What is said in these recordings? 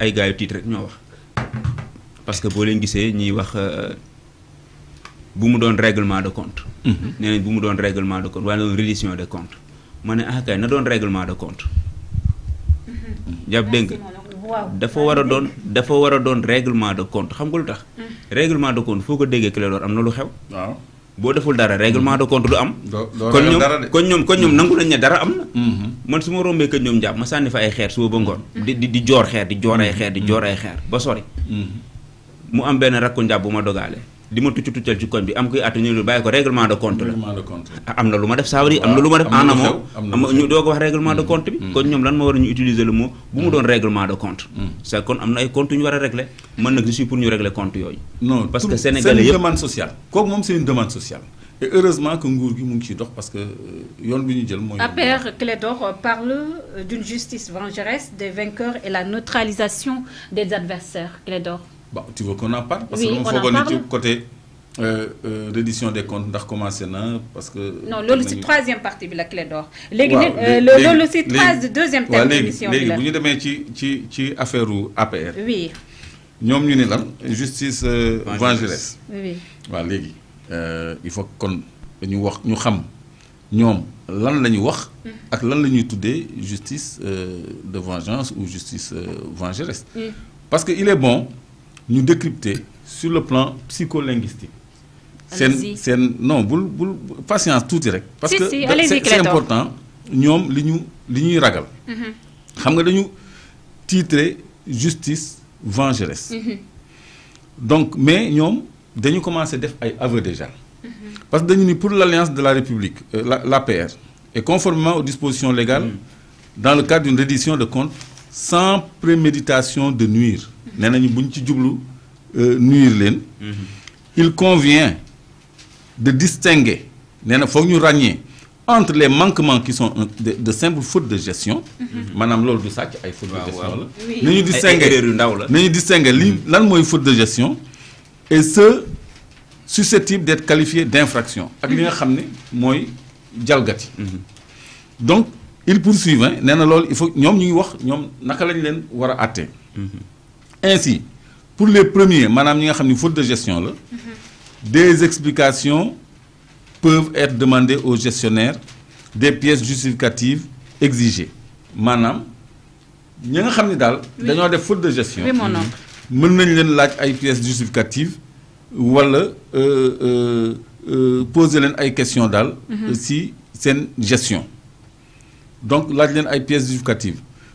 ay gars yu tiit rek ñoo wax parce que boo leen gisee ñuy wax euh, bu mu doon réglement de compte. Mhm. nee nañ bu mu doon réglement de compte wala doon reddition ah, de compte ma ne na doon réglement de compte. jàpp dégg nga dafa war a doon dafa war a doon réglement de compte xam nga lu tax. Mhm. réglement de compte foo ko déggee Clédor am na lu xew. boo deful dara règlement de compte du am. kon ñoom koñ ñoom kon ñoom mm-hmm. nangu lañ ne dara am na. Mm-hmm. man su ma rombee kër ñoom jàpp ma sànni fa ay xeer suba ba ngoon. Mm-hmm. di di di joor xeer di joor ay xeer di joor ay xeer ba sori. mu am benn rakku njàpp bu ma dogaale. li ma tucc tuccal ci koñ bi am koy atte ñu bàyyi ko règlement de compte la ah, am na lu ma def saabari am na lu ma def en amont am ñu doo ko wax règlement de mm. compte bi mm. kon ñoom lan ma war a ñu utiliser le mot bu mu mm. doon règlement de compte c'est kon am na ay compte ñu war a régler man nag je suis pour ñu régler compte yooyu non parce que sénégalais yëpp demande sociale kooku moom c'est une demande sociale et heureusement que nguur gi mu ngi ciy dox parce que euh, yoon bi ñu jël mooy APR Clédor parle euh, d'une justice vengeresse des vainqueurs et la neutralisation des adversaires Clédor bah, tu veux qu'on en parle Parce oui, que nous, faut qu'on du côté euh, euh, reddition des comptes ndax commencé na parce que. non c'est la troisième partie de la clé d'or. C'est euh, le troisième deuxième partie deuxième la clé d'or. ñu demee ci ci ci APR. oui. Nous, ñu ni lan justice. Euh, vengeresse oui. Oui, euh, il faut kon ñu wax ñu xam ñom lan lañu wax. ak lan justice justice euh, de vengeance ou justice vengeresse. parce que il est bon nous décrypter sur le plan psycholinguistique. Sen, non bul bul patience tout rek. parce que c'est important ñoom li ñu li ñuy ragal. Mm-hmm. xam nga dañu titrer justice vengeresse. Mm-hmm. donc mais ñoom dañu commencé def ay aveux déjà. Mm-hmm. parce que nous, ni pour l'alliance de la république euh, l'APR et conformément aux dispositions légales mm. dans le cadre d'une reddition de compte, sans préméditation de nuire. Euh, mm-hmm. il convient de distinguer entre les manquements qui sont de simples fautes de gestion. Mm-hmm. madame de gestion faute de gestion et ceux susceptibles d'être qualifiés d'infraction mm-hmm. donc il poursuivent hein, faut ainsi pour les premiers nous il y faute de gestion des explications peuvent être demandées aux gestionnaires des pièces justificatives exigées Madame, vous savons que ni faute de gestion mm-hmm. mën nañ pièces justificatives ou euh, euh, euh, poser une question questions mm-hmm. si si une gestion donc vous avez des pièces justificatives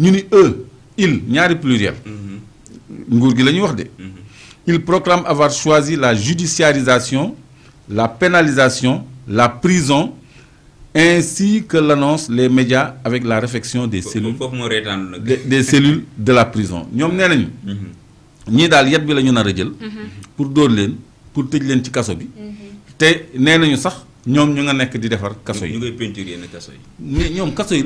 ñu ni eux ils ñaari pluriel mm-hmm. nguur mm-hmm. ils proclament avoir choisi la judiciarisation la pénalisation la prison ainsi que l'annonce les médias avec la réfection des cellules des cellules de la prison ñom nee nañu mm-hmm. ñi daal yet bi la ñu jël pour dóor leen pour tëj leen ci kaso bi te nee nañu sax nga di kaso yi ñu kaso yi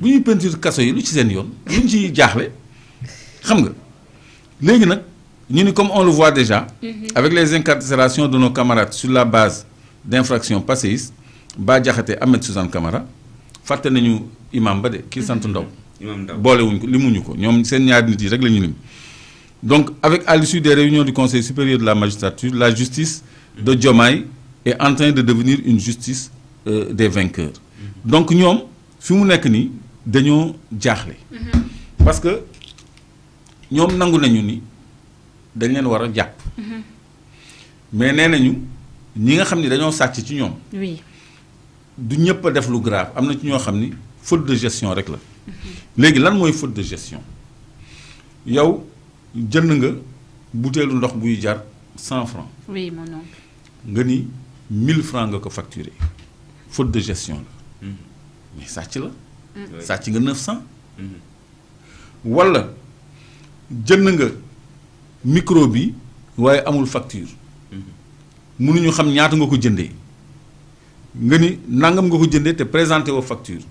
bu ñuy peinture kaso yi lu ci seen yoon luñ ci jaaxle xam nga léegi nag ñu comme on le voit déjà mhm. avec les incarcérations de nos camarades sur la base d'infractions passées, ba Diakhaté Ahmed Suzanne Camara fàtte nañu imam ba de ki sant Ndaw mhm. wuñ ko limuñu ko ñoom seen ñaari nit yi rek la ñu donc avec à l'issue des réunions du conseil supérieur de la magistrature la justice de mhm. Diomaye est en train de devenir une justice euh, des vainqueurs donc ñoom fi mu nekk dañoo jaaxle. Mm-hmm. parce que nous nangu nañu ni dañ leen war a mm-hmm. mais nee ñi nga xam ni dañoo ci oui du ñëpp def lu grave am ci faute de gestion rek la. Mm-hmm. lan faute de gestion yow jënd nga bouteille ndox buy jar 100 francs... oui mon oncle. nga ni 1000 francs nga facturé faute de gestion la mais la. sàcc nga 900. wala jënd nga micro bi waaye amul facture. Mm-hmm. mënuñu xam ñaata nga ko jëndee nga ni nangam nga ko jëndee te présenté woo facture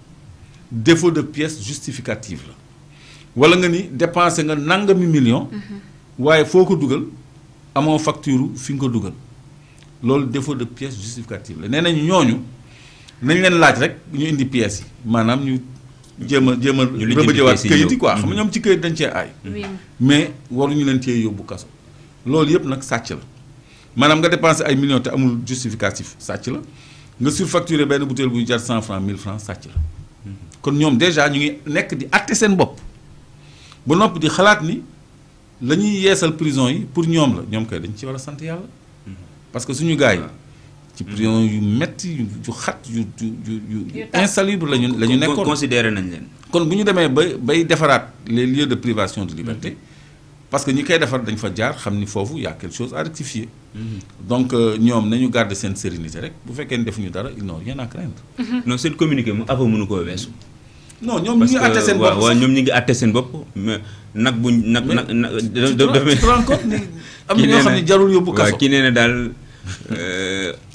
défaut de pièce justificative la wala nga ni dépensé nga nangami million mm-hmm. waaye foo ko dugal amoo facture fi nga ko dugal loolu défaut de pièce justificative la nee nañ ñooñu nañ leen laaj rek ñu indi pièces yi maanaam ñu. jéem a jéem a rëbëjëwaat këyit yi quoi xam nga mm-hmm. ñoom ci këyit dañ cee aay mais waruñu leen cee yóbbu kaso loolu yëpp nag sàcc la maanaam nga dépensé ay millions te amul justificatif sàcc la nga surfacturé benn bouteille buy jar cent franc mille franc sàcc la mm-hmm. kon ñoom dèjà ñu ngi nekk di àtte seen bopp ba noppi di xalaat ni la ñuy yeesal prison yi pour ñoom la ñoom kay dañ ci war a sant yàlla mm-hmm. parce que suñu gars yi ah. ci prison yu metti yu xat yu yu insalubre lañu lañu la nekkoon considéré nañ leen kon bu ñu demee ba bay defaraat les lieux de privation de liberté mm-hmm. parce que ñi koy defar dañ fa jaar xam ni foofu y a quelque chose à rectifier mm-hmm. donc euh, ñoom nañu garder seen sérénité rek bu fekkee ne defuñu dara ils n'ont rien à craindre mm-hmm. non seen communiqué mu apa mënu koo weesu non ñoom ñu ngi àtte seen bopp waaw ñoom ñu ngi atté seen bopp mais nag bu nag nag nag dafa am na ñoo xam ne jarul yóbbu kaso ki nee na daal euh,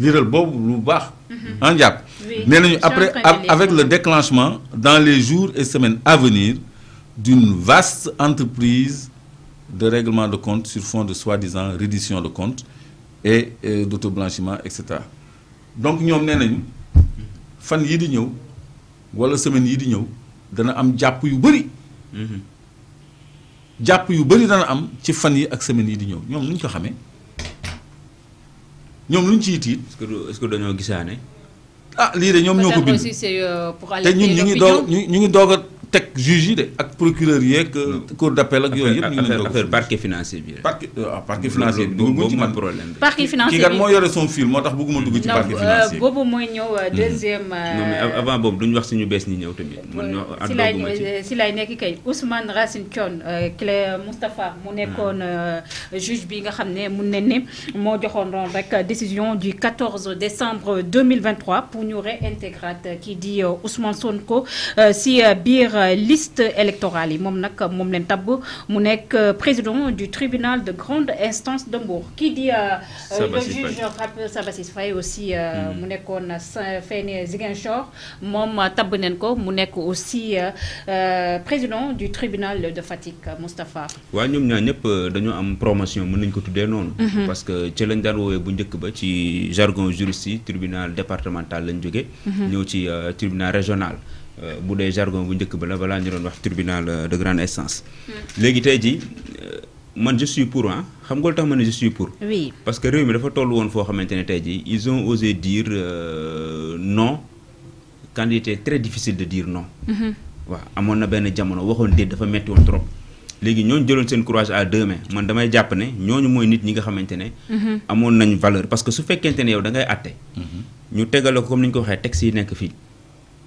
Mhm. Hein, après avec le déclenchement dans les jours et semaines à venir d'une vaste entreprise de règlement de compte sur fond de soi-disant reddition de compte et d'auto-blanchiment, etc. donc nous sommes fan di ou wala semaine nous, ñoom lu ñu ciy tiit. est-ce que dañoo gisaane. ah lii de ñoom ñoo ko bind. Euh, te ñun ñu ngi doog ñu ngi doog tek juge yi de ak procureur yeeg. Euh, cour d'appel ak yooyu yëpp ñu ngi leen doon. parquet financier bi parquet euh, ah, parquet financier bi dugg ci man problème parquet euh, financier bi kii kat moo son film motax bëgguma dugg ci parquet financier bobu moy mooy ñëw mm-hmm. deuxième. non mais avant bobu duñ wax ci ñu bees ñi ñëw tamit. man ñoo ci laay si lay nekk kay Ousmane Racine Thion Clé Moustapha mu nekkoon mm. juge bi nga xam ne mun nañ ne moo joxoon rek décision du 14 décembre 2023 pour ñu réintégrer qui dit Ousmane Sonko si biir. Euh, liste électorale yi moom nag moom leen mu euh, président du tribunal de grande instance de Mbour. dit di euh, le juge Sabassy Faye aussi hmm. mu nekkoon fene Ziguinchor moom tabb neen ko mu nekk aussi président du tribunal de Fatik Moustapha. waaw ñoom ñaar ñëpp am promotion mën nañ ko tuddee hmm. parce que ci lañ daan woowee bu njëkk ba ci jargon juridique, tribunal départemental lañ jóge hmm. ñëw ci tribunal régional. Euh, bu dee jargon bu njëkk ba la balaa ñu doon wax tribunal euh, de grande instance. léegi tey jii euh, man je suis pour ah xam nga tax ma ne je suis pour. oui parce que réew mi dafa toll woon foo xamante ne tey jii ils ont osé dire non quand il était très difficile de dire non. Mhm. waaw amoon na benn jamono waxoon déet dafa metti woon trop. léegi ñooñu jëloon seen courage à deux mains man damay jàpp ne ñooñu mooy nit ñi nga xamante ne. Mhm. amoon nañ valeur parce que su fekkente ne yow da ngay àtte. Mhm. ñu tegale ko comme ni ñu ko waxee texte yi nekk fii.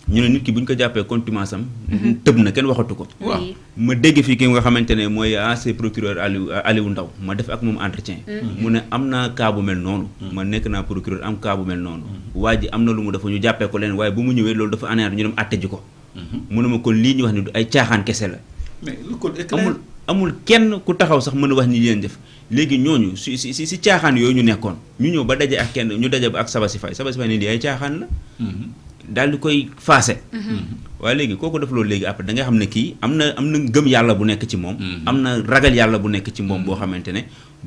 ñu ne nit ki bu ñu ko jàppee contumace am mhm. tëb na kenn waxatu ko waaw ma dégg fii ki nga xamante ne mooy ancien procureur Aliou Aliou Ndaw ma def ak moom entretien mhm. mu ne am naa cas bu mel noonu mhm. ma nekk naa procureur am cas bu mel noonu waa ji am na lu mu dafa ñu jàppee ko leen waaye bu mu ñëwee loolu dafa anéanti ñu dem atteji ji ko mu ne ma kon lii ñu wax ni du ay caaxaan kese la amul amul kenn ku taxaw sax mën a wax ni leen def léegi ñooñu si si si caaxaan yooyu ñu nekkoon ñu ñëw ba daje ak kenn ñu daje ak sabasifay sabasifay Sabasy ne lii ay caaxaan la daal di koy faase mhm. waaye léegi kooku def loolu léegi après da nga xam ne kii am na am na gëm yàlla bu nekk ci moom mhm. am na ragal yàlla bu nekk ci moom mhm. boo xamante ne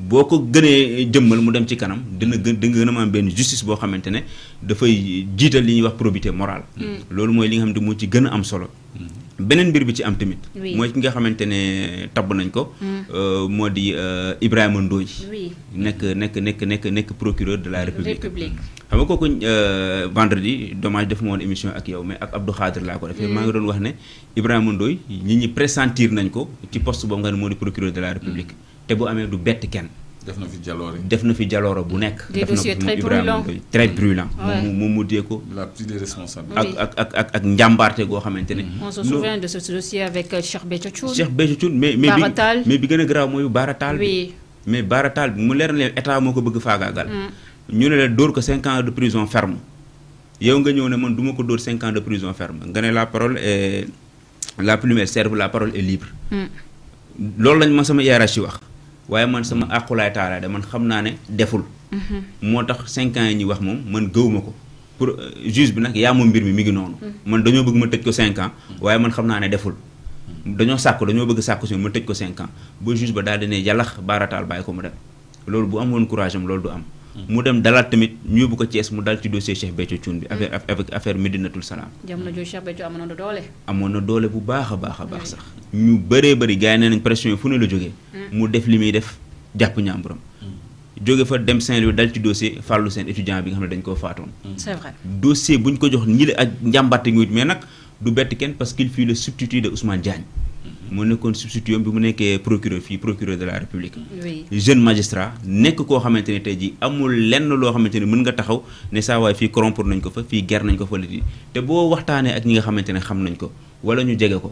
boo ko gënee jëmmal mu dem ci kanam dina gën di gën a am benn justice boo xamante ne dafay jiital li ñuy wax probité morale loolu mooy li nga xam di moo ci gën a am solo beneen mbir bi ci am tamit. mooy ki nga xamante ne tabb nañ ko. Mm. Euh, moo di euh, Ibrahima Ndoye. oui nekk nekk nekk nekk nekk procureur de la république. xam nga kooku euh, vendredi dommage def ma woon émission ak yow mais ak Abdou Khadir laa ko defee. Mm. maa ngi doon wax ne Ibrahima Ndoye nit ñi pressentir nañ ko ci post boobu nga ne moo di procureur de la république. Mm. te bu amee du bett kenn. def na fi jaloore def na fi jaloore bu nek def na fi Ibrahima Mbaye très brûlant mu mu mu dee ko. la prise de responsables ak ak ak ak njambarte go xamante on se souvient de ce dossier avec euh, Cheikh Béthio Cheikh Béthio mais mais bi mais bi gëna a grave mooy Baratal bi. mais Baratal bi mu leer na état moko bëgg faagaagal. Mm. ñu né la dóor ko 5 ans de prison ferme. yow nga ñëw né man duma ko dóor 5 ans de prison ferme nga ne la parole est la plume est serve la parole est libre. Mm. loolu lañ ma sama yara ci wax. waaye man sama àqulaay taalaay de man xam naa ne deful. Mhm. moo tax cinq yi ñuy wax moom man gëwuma ko pour euh, juge bi nag yaa moom mbir mi mi ngi noonu. Mhm. man dañoo bëgg ma tëj ko cinq waaye man xam naa ne deful. dañoo sàkk dañoo bëgg sàkku si ma tëj ko cinq ans ba ba daal di ne yàllax baarataal bàyyi ko mu dem loolu bu amoon courage loolu du am. Mhm. mu dem dalaat tamit ñu yóbbu ko Thiès mu dal ci dossier Cheikh Béthio Thioune bi. affaire avec affaire Médinatoul Salaam. jamono jooju Cheikh Béthio amoon doole. amoon na doole bu baax baax a baax sax. ñu bëree bëri gars yi nañ pression fu ne la jógee. Mm. mu def li muy def jàpp ñàmburam. Mm. jóge fa dem Saint-Louis dal ci dossier fàllu seen étudiant bi nga xam ne dañ koo faatoon. Mm. c'est vrai dossier buñ ko jox ñi la ak njàmbaate ngi mais nag du bett kenn parce qu'il fut le substitut de Ousmane Diagne. mu mm-hmm. nekkoon substitut bi mu nekkee procureur fii procureur de la république. oui jeune magistrat nekk koo xamante ne tey jii amul lenn loo xamante ne mën nga taxaw ne saa waay fii corrompre nañ ko fa fii ger nañ ko fa lii te boo waxtaanee ak ñi nga xamante ne xam nañ ko wala ñu jege ko.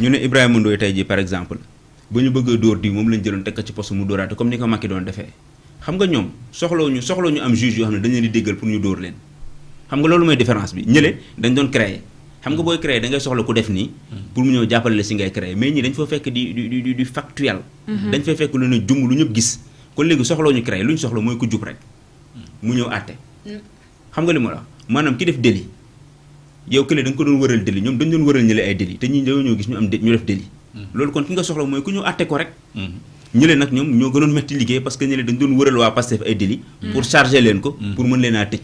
ñu ne Ibrahima Ndoye tey jii par exemple ba ñu bëggee a dóor di moom lañ jëloon teg ko ci poste mu dóoraate comme ni ko Macky doon defee xam nga ñoom soxlawu ñu soxlawu ñu am juge yoo xam ne dañ leen di déggal pour ñu dóor leen xam nga loolu mooy différence bi ñële dañ doon créer xam nga booy créer da ngay soxla ku def nii pour mu ñëw jàppale la si ngay créer mais ñii dañ fa fekk di di di di factuel mm-hmm. dañ fay fekk lu ne jung lu ñëpp gis ko léegi soxlawu ñu créer lu ñu soxla mooy ku jub rek mu ñëw àtte mm. xam nga li ma la maanaam ki def délit yow kële da nga ko doon wëral délit ñoom dañ doon wëral ñële ay délit te ñi ñëw ñoo gis ñu am ñu def délit hmm. loolu kon ki nga soxla mooy ku ñu atté ko rek hmm. ñële nag ñoom ñoo gënoon metti liggéey parce que ñële dañ doon wëral waa Pastef ay délit hmm. pour charger leen ko pour mën leen a tëj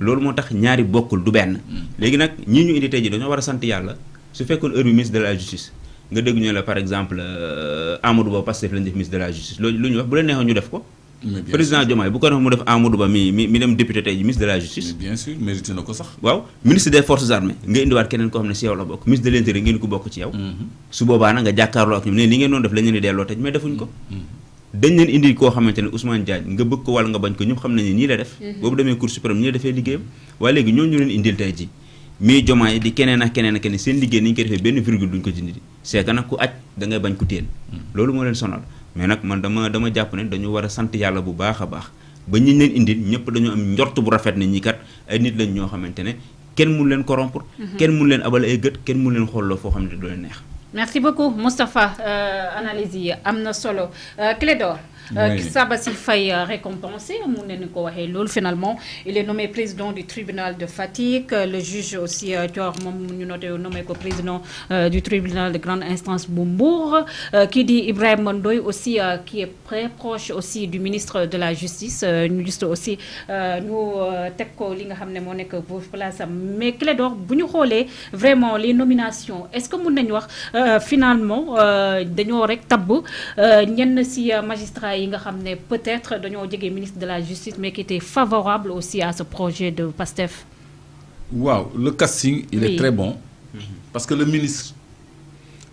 loolu moo tax ñaari bokkul du benn léegi nag ñii ñu indi tey ji dañoo war a sant yàlla su fekkoon heure bi ministre de la justice nga dégg ñu la par exemple euh, Amadou Ba Pastef lañ def ministre de la justice loolu lu ñu wax bu leen neexoon ñu def ko président Diomaye bu ko def mu def Amadou Ba mi mi dem député tey ji ministre de la justice. na ko sax. waaw ministre des forces armées nga indiwaat keneen koo xam ne si yow la bokk ministre de l' ngeen ko bokk ci yow. Mhm. su boobaa nag nga jàkkaarloo ak ñoom ne li ngeen doon def la ñu ne delloo tey mhm. Mhm. ji mii Diomaye di keneen ak keneen ak keneen seen liggéey ni ñu ko defee benn virgule duñ ko jindi c'est ku aj da bañ ku téen loolu moo leen sonal mais nag man dama dama jàpp ne dañu war a sant yàlla bu baax a baax ba ñi leen indil ñëpp dañu am njort bu rafet ne ñi kat ay nit lañ ñoo xamante ne kenn mun leen corrompre. Mhm. kenn mun leen abal ay gët kenn mun leen xooloo foo xam ne doo leen neex. merci beaucoup Mustapha. Euh, analyse Amna solo euh, Clédor qui euh, récompensé mu récompenser finalement il est nommé président du tribunal de fatigue, le juge aussi tu nommé président du tribunal de grande instance Bumbourg, qui dit Ibrahim Ibrahima aussi qui est très proche aussi du ministre de la justice Ministre aussi nous, teg ko li nga place mais Clédor vraiment les nominations est-ce que vous nañu euh, finalement euh, dañoo rek a euh, ñenn si un yi nga xam peut-être dañoo jege ministre de la justice mais qui était favorable aussi à ce projet de PASTEF. waaw le casting il est très bon. parce que le ministre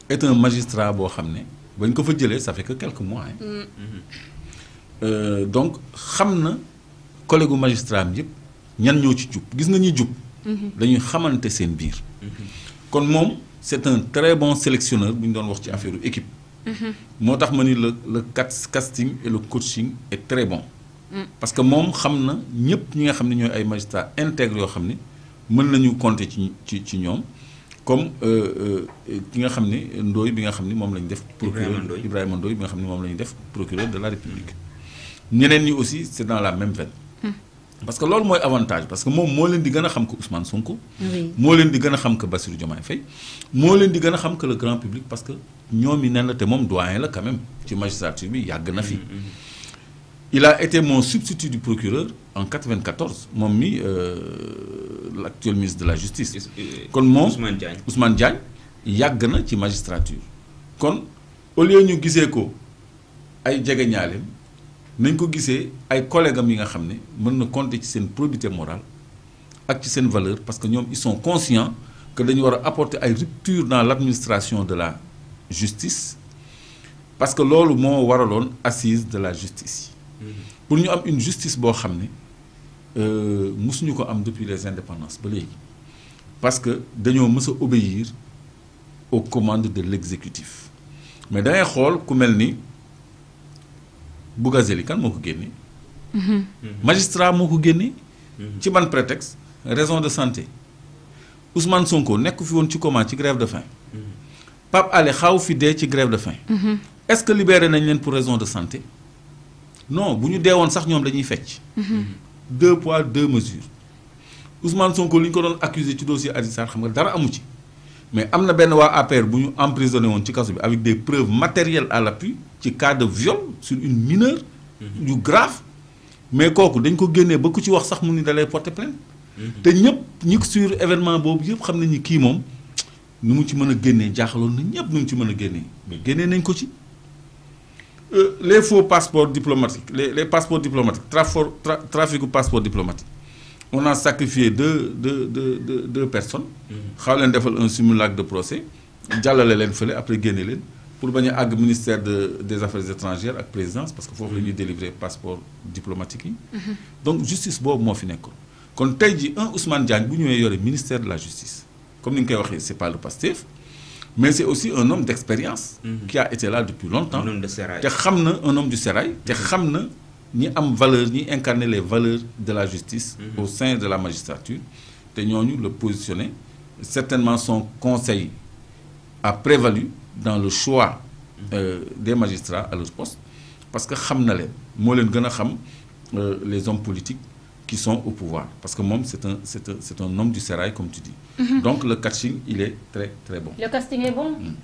est un magistrat boo xam ne bañ ko fa jëlee ça fait que quelques mois. Hein. Mm. donc xam na collègue magistrat am yëpp ñan ñoo ci jub gis nga ñi jub. Mm-hmm. dañuy xamante seen biir. Mm-hmm. kon c'est un très bon sélectionneur bu ñu doon wax ci affaire équipe. moo tax ma ni le le casting et le coaching est très bon. parce que mom xam na ñëpp ñi nga xam ne ñooy ay magistrats intègres yoo xam ne mën nañu compter ci ci ci ñoom comme euh, euh, ki nga xam ne Ndoye bi nga xam ne moom la def. procureur Ibrahima Ndoye bi nga xam ne moom la def procureur de la République. ñeneen ñi aussi c'est dans la même veine parce que loolu mooy avantage parce que moom moo leen di gën xam que Ousmane Sonko. moo leen di gën a xam que Bassirou Diomaye Faye moo leen di gën xam que le grand public parce que ñoom yi nen la te moom doyen la quand même ci magistrature bi yàgg na fi. Mm-hmm. il a été mon substitut du procureur en 94 moom mi euh, l' actuel ministre de la justice. Euh, kon moom Ousmane Diagne Ousmane Diagne yàgg na ci magistrature. kon au lieu ñu gisee ko ay jege ñaaleem nañ ko ay collègues am yi nga xam mën na compter ci seen probité morale ak ci une valeur parce que ils sont conscients que dañu war apporter ay rupture dans l'administration de la justice parce que loolu moo waraloon assise de la justice mm-hmm. pour ñu am une justice boo xam ne euh, mësuñu ko am depuis les indépendances parce que nous mës obéir aux commandes de l'exécutif. mais dangay xool ku mel ni Bougazelli kan moo ko génne. Mhm. Mhm. magistrat moo ko génne. Mhm. ci ban prétexte raison de santé Ousmane Sonko nekk fi woon ci comment ci grève de faim. Pape Alé xaw fi dee ci grève de faim. est-ce que libéré nañ leen pour raison de santé non bu ñu dee woon sax ñoom dañuy fecc. deux poids deux mesures Ousmane Sonko li ñu ko doon accusé ci dossier à Sarr xam nga dara amu ci mais am na benn waa APR bu ñu emprisonné woon ci kaso bi avec des preuves matérielles à l'appui ci cas de viol sur une mineure. du mhm. grave mais kooku dañ ko génnee ba ku ci wax sax mu ni dalay porter plainte mhm. te ñëpp ñi sur événement boobu yëpp xam nañu kii moom nu mu ci mën a génnee jaaxaloon na ñëpp nu mu ci mën a génnee mais génnee nañ ko ci. Euh, les faux passeports diplomatiques les passeports diplomatiques trafic trafic passeport diplomatique on a sacrifié deux deux deux deux, deux personnes. Mhm. xaw leen defal un simulacre de procès jàllale leen fële après gagner pour venir au ministère de des affaires étrangères la présidence parce qu'il faut venir délivrer délivrer passeport diplomatique Donc mhm. donc justice est moo fi Quand kon tey dit un Ousmane Diagne bu a le ministère de la justice comme ni nga dit, ce c'est pas le pastif mais c'est aussi un homme d'expérience. Mhm. qui a été là depuis longtemps. un homme de un homme du sérail ni valeur ni incarner les valeurs de la justice mhm. au sein de la magistrature tenions-nous le positionner certainement son conseil a prévalu dans le choix mhm. euh, des magistrats à leur poste parce que euh, les hommes politiques qui sont au pouvoir. Parce que Mom, c'est un, c'est un, homme du sérail, comme tu dis. Mhm. Donc le casting, il est très, très bon. Le casting est bon mhm.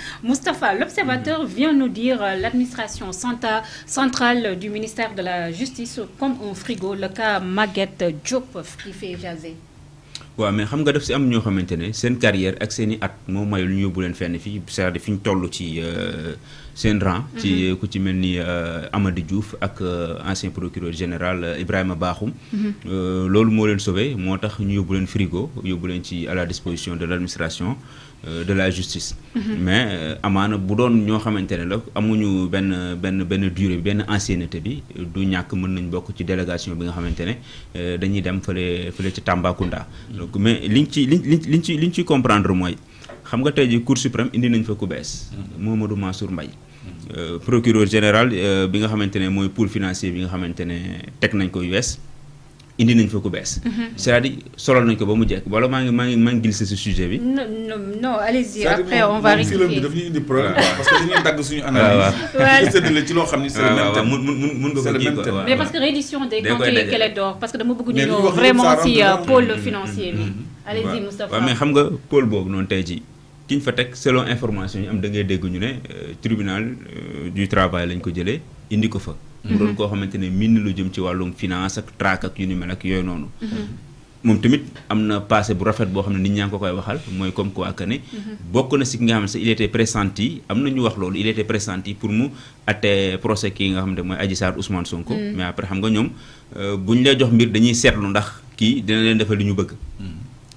Moustapha, l'observateur mhm. vient nous dire euh, l'administration centrale du ministère de la Justice comme un frigo, le cas Maguette Diop qui fait jaser mais xam nga am carrière ak seni at mayul ñu fenn cest à euh, rang. Mm-hmm. ci euh, ku ci euh, Diouf ancien procureur général Ibrahima mm-hmm. euh, lolu mo leen sauvé motax ñu frigo à la disposition de l'administration. Euh, de la justice. Mhm. mais euh, amana bu doon ño xamantene la amuñu ben ben ben durée ben ancienneté bi du ñak mën nañ bokk ci délégation bi nga xamantene euh, dañuy dem feulé feulé ci Tambacounda. Mhm. donc mais liñ ci liñ liñ ci liñ ci comprendre moi. xam nga tey Cour suprême indi nañ fa ku bees. Momadou mhm. Mansour Mbaye. procureur général bi nga xamantene moy financier bi nga xamantene tek nañ ko US indi nañ fa ko bees. Mhm. c'est-à-dire solo nañ ko ba mu jekk wala maa ngi maa ngi maa ngi glissé ce sujet bi. non non non allez-y après on va rectifier bi daf ñuy indi problème parce que dañuy dagg suñu analyse. waaw séddale ci loo xam ni c'est le même mun mun nga ko kii quoi mais parce que reddition des comptes yi est door parce que dama bëgg ñu ñëw vraiment si euh, pôle financier bi. Mhm. allez-y Moustapha waaw mais xam nga pôle boobu noonu tey jii. ki ñu fa teg selon information yi am da ngay dégg ñu ne euh, tribunal euh, du travail lañ ko jëlee indi ko fa. mu doon koo xamante ne miin na lu jëm ci wàllum finance ak traque ak yu ni mel ak yooyu noonu. Mm-hmm. moom tamit am na passé bu rafet boo xam ne nit ñaa ngi ko koy waxal mooy comme quoi que ne. Mm-hmm. bokk na si ki nga xam ne il était pressenti am na ñu wax loolu il était pressenti pour mu atte procès kii nga xam ne mooy Adji Sarr Ousmane Sonko. Mm-hmm. mais après xam nga ñoom euh, bu ñu lay jox mbir dañuy seetlu ndax kii dina leen defal li ñu bëgg.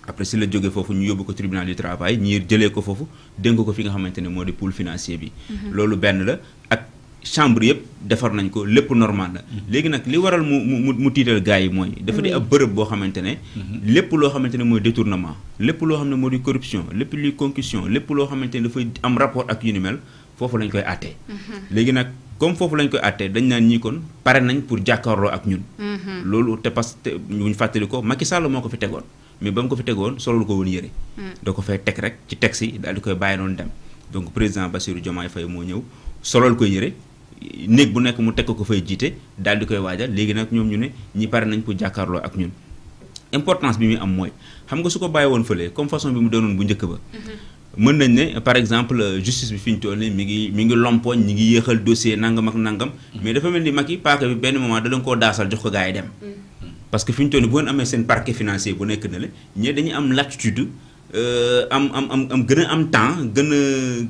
après si la jógee foofu ñu yóbbu ko tribunal du travail ñi jëlee ko foofu dénk ko fi nga xamante ne moo di pool financier bi. loolu benn chambre yëpp defar nañ ko lépp normal la mhm. léegi nag li waral mu mu mu tiital gars yi mooy dafa di mhm. ab bërëb boo xamante ne mhm. lépp loo xamante ne mooy détournement lépp loo xam ne moo di corruption lépp luy concussion lépp loo xamante ne dafay am rapport ak yu ni mel foofu lañ koy àttee léegi nag comme foofu lañ koy àttee dañ naan ñii kon pare nañ pour jàkkaarloo ak ñun loolu te parce buñ fàttali ko Macky Sall moo ko fi tegoon mais ba mu ko fi tegoon solul ko woon yëre néeg bu nekk mu teg ko fay jiite daal di koy waajal léegi nag ñoom ñu ne ñi pare nañ pour jàkkaarloo ak ñun importance bi muy am mooy xam nga su ko bàyyi woon fële comme façon bi mu doonoon bu njëkk ba mm-hmm. mën nañ ne euh, fi ñu toll nii mi ngi mi ngi lompoñ ñi ngi yéexal dossier nangam ak nangam mm-hmm. mais dafa mel ni Macky paaka bi benn moment da leen koo daasal jox ko gars yi dem mm-hmm. parce que fi ñu toll nii bu ngeen amee seen parquet financier bu nekk na la ñee dañuy am latitude Euh, am am am am gën a am temps gën a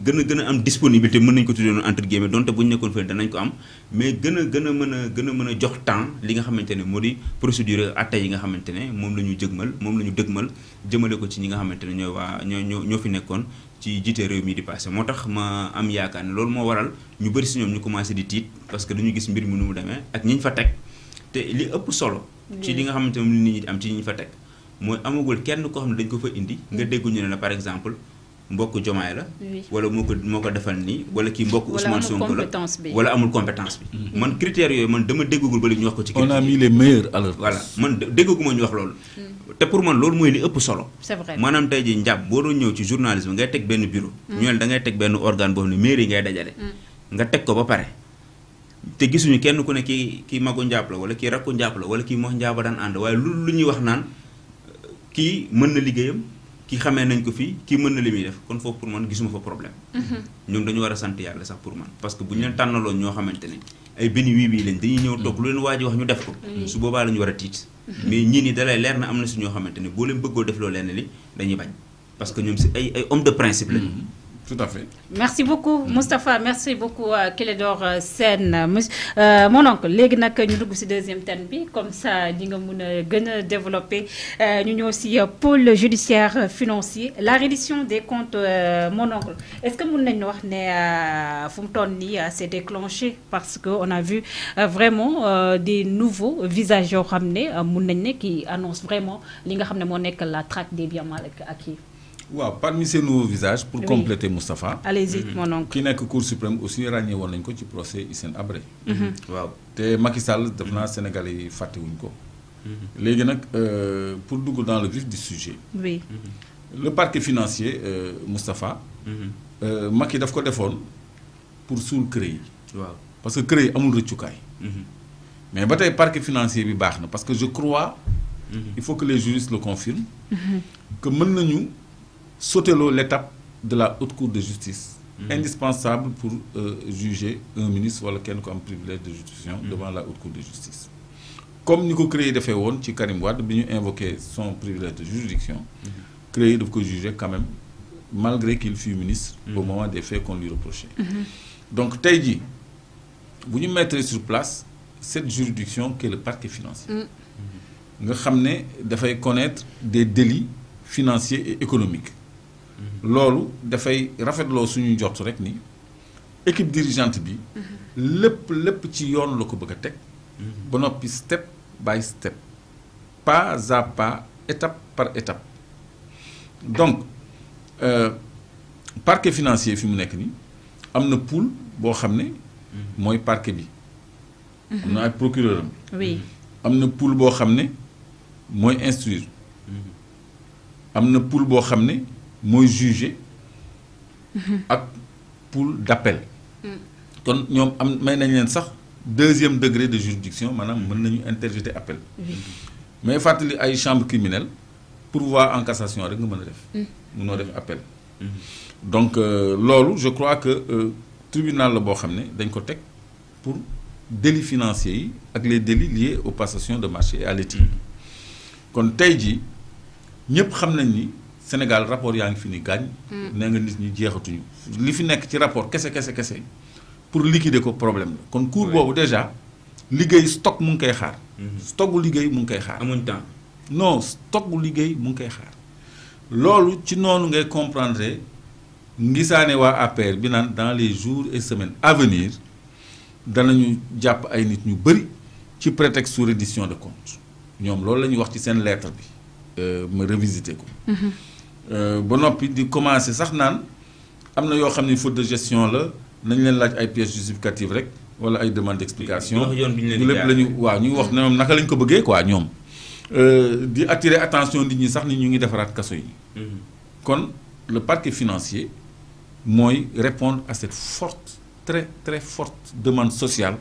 gën a gën a am disponibilité mën nañ ko tuddee noonu entre guillemets donte bu ñu nekkoon fële danañ ko am mais gën a gën a mën a gën a mën a jox temps li nga xamante ne moo di procédure atte yi nga xamante ne moom la ñu jëgmal moom la ñu dëgmal jëmale ko ci ñi nga xamante ne ñoo waa ñoo ñoo ñoo fi nekkoon ci jiite réew mi di passé moo tax ma am yaakaar ne loolu moo waral ñu bëri si ñoom ñu commencé di tiit parce que dañu gis mbir mu nu mu demee ak ñi ñu fa teg te li ëpp solo. ci mm. li nga xamante ne moom la nit am ci ñu fa teg mooy amagul kenn koo xam ne dañ ko fa indi nga dégg ñu la par exemple mbokk jomaay la wala moo ko moo defal nii wala kii mbokk Ousmane Sonko la wala amul compétence bi mhm. man critères yooyu man dama déggagul ba ñu wax ko ci on a mis les meilleurs alors voilà man déggaguma ñu wax loolu hmm. te pour man loolu mooy li ëpp solo maanaam tey ji njàpp boo doon ñëw ci journalisme ngay teg benn bureau hmm. ñu ne da ngay teg benn organe boo xam ne mairie ngay dajale hmm. nga teg ko ba pare te gisuñu kenn ku ne kii kii magu njàpp la wala kii rakku njàpp la wala kii mox njàpp daan ànd waaye lu lu wax naan kii mën na liggéeyam kii xamee nañ ko fii kii mën na li muy def kon foofu pour man gisuma fa problème. ñoom mhm. dañu war a sant yàlla sax pour man parce que bu ñu leen tànnaloon ñoo xamante ne ay benn wii wii lañ dañuy ñëw toog lu leen waa ji wax ñu def ko. su boobaa la war a tiit. Mhm. mais ñii nii dalay leer na am na si ñoo xamante ne boo leen bëggoo def loo leen li dañuy bañ parce que ñoom si ay ay homme de principe lañu. Mhm. Tout à fait. Merci beaucoup Mustapha. merci beaucoup à euh, euh, Sen. Euh, mon oncle nous nous ñu dugg ci deuxième thème comme ça nous nga nous développer pôle judiciaire financier la reddition des comptes mon oncle est-ce que nous avons wax ne fu mu toll déclenché parce qu'on a vu vraiment des nouveaux visages ramenés, qui annoncent vraiment que la traque des biens mal acquis waaw parmi ces nouveaux visages pour compléter Moustapha allez-y mm-hmm. mon oncle qui nekk cour suprême aussi ràññee woon nañu ko ci procès Hissène Abré. Mm-hmm. waaw te Macky Sall def naa mm-hmm. Sénégalais yi fàttewuñ ko léegi nag euh, pour dugg dans le vif du sujet oui le parquet financier euh, Moustapha euh, Macky daf ko defoon pour suul CREI yi waaw parce que créer yi de rëccukaay mais ba tey parquet financier bi baax parce que je crois il faut que les juristes le confirment que mën nañu Sauter l'étape de la haute cour de justice mhm. indispensable pour euh, juger un ministre wala quelqu'un comme privilège de juridiction mhm. devant la haute cour de justice comme nous avons créé des faits, Karim invoqué son privilège de juridiction mhm. créé de ko juger quand même malgré qu'il fût ministre au moment des faits qu'on lui reprochait donc tey vous bu mettre sur place cette juridiction que le parquet financier Nous avons fait connaître des délits financiers et économiques loolu dafay rafetloo suñu njort rek ni équipe dirigeante bi. lépp lépp ci bëgg step by step pas à pas étape par étape donc euh, parquet financier fi mu nekk ni am pool boo xam parquet bi. procureur instruire. pool je juger ak pour d'appel mm. kon ñom am may nañ deuxième degré de juridiction manam mën nañu interjeter appel mais a ay chambre criminelle pour voir en cassation rek nga mm. nous def appel mm. donc euh, je crois que euh, tribunal la bo xamné dañ ko pour délits financiers yi ak les délits liés aux passations de marché et à l'éthique kon tay ji ñépp xam nañ ni Sénégal rapport yaa ngi fi ni gaañ. Hmm. nga nit ñi jéxatuñu li fi nekk ci rapport kese kese kese pour liquider ko problème la kon cour bobu déjà liguey stock mu ngi koy xaar. Hmm. stock liguey mu ngi koy xaar. amuñ temps non stock liguey mu ngi koy xaar. lolu ci nonu ngay comprendre ngisaane wa appel bi nan dans les jours et semaines à venir danañu japp ay nit ñu bëri ci prétexte sur reddition de compte ñom lolu la wax ci sen lettre bi. Euh, me revisiter ko. Mhm. Euh, ba noppi di commencé sax naan am faute de gestion la nañ leen laaj ay pièces justificatives rek demande d'explication. ñu lépp la ñu ñu wax lañ quoi euh, di attirer attention nit ñi sax ñu ngi mhm. le parquet financier mooy répondre à cette forte très très forte demande sociale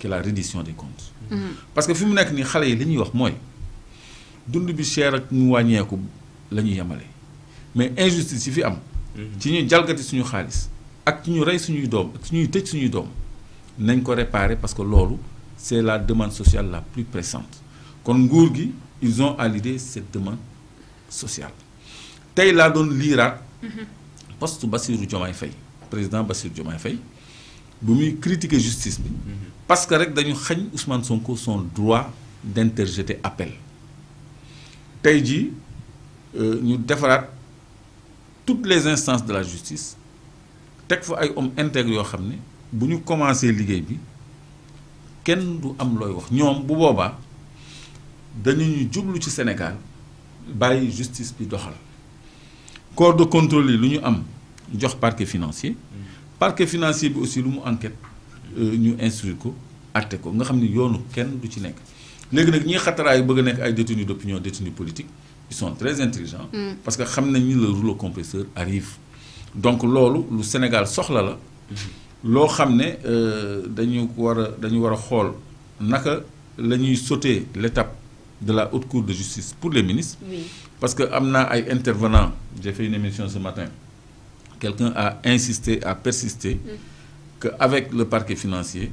qui la reddition des comptes. Mhm. parce que fi mu nekk ni xale yi li dund bi cher ak mais injustice fi am. Mhm. ci jalgati suñu xaalis. ak ci ñu rey suñuy doom ak parce que loolu c'est la demande sociale la plus pressante kon ils ont à cette demande sociale. Mhm. président Bassirou Faye bu justice mhm. parce que rek dañu Ousmane Sonko son droit d'interjeter appel. Tayji, nous euh, ñu toutes les instances de la justice teg fa ay homme intègres yoo xam ne bu ñu commencé liggéey bi kenn du am Bouba, wax ñoom bu boobaa dañu ñu ci Sénégal by justice bi doxal corps de contrôle yi am jox parquet financier parquet financier bi aussi lu enquête euh, ñu instruire ko Nous ko nga xam ne kenn du ci les détenus d'opinion détenus politiques ils sont très intelligents mm. parce que savent que le rouleau compresseur arrive donc c'est lu Sénégal soxla la a besoin. ne euh, dañu que a dañu regarder comment naka sauter l'étape de la haute cour de justice pour les ministres parce que y a ay intervenants j'ai fait une émission ce matin quelqu'un a insisté a persisté mm. qu'avec le parquet financier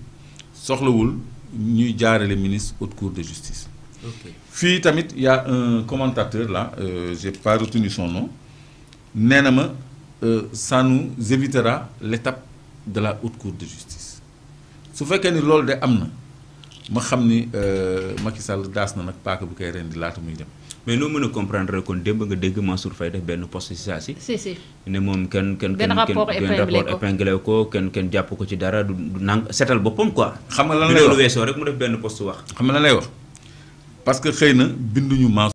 soxlawul ñuy les ministre haute cour de justice. il tamit y' a un commentateur là euh, j'ai pas retenu son nom euh, ça nous évitera l'étape de la haute cour de justice su fekkee ni loolu de ma euh, Macky Sall mais noo mën a comprendre kon démb nga dégg Mansour Faye def benn poste si saa si. si si ne moom kenn kenn rapport épinglé ko kenn jàpp ko ci dara du nang setal boppam quoi. xam nga lay wax loolu xëy na binduñu Mansour